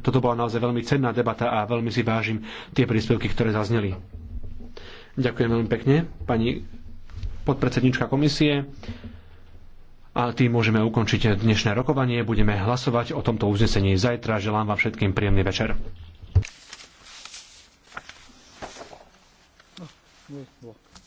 Toto bola naozaj veľmi cenná debata a veľmi si vážim tie príspevky, ktoré zazneli. Ďakujem veľmi pekne, pani podpredsednička komisie. A tým môžeme ukončiť dnešné rokovanie. Budeme hlasovať o tomto uznesení zajtra. Želám vám všetkým príjemný večer. No,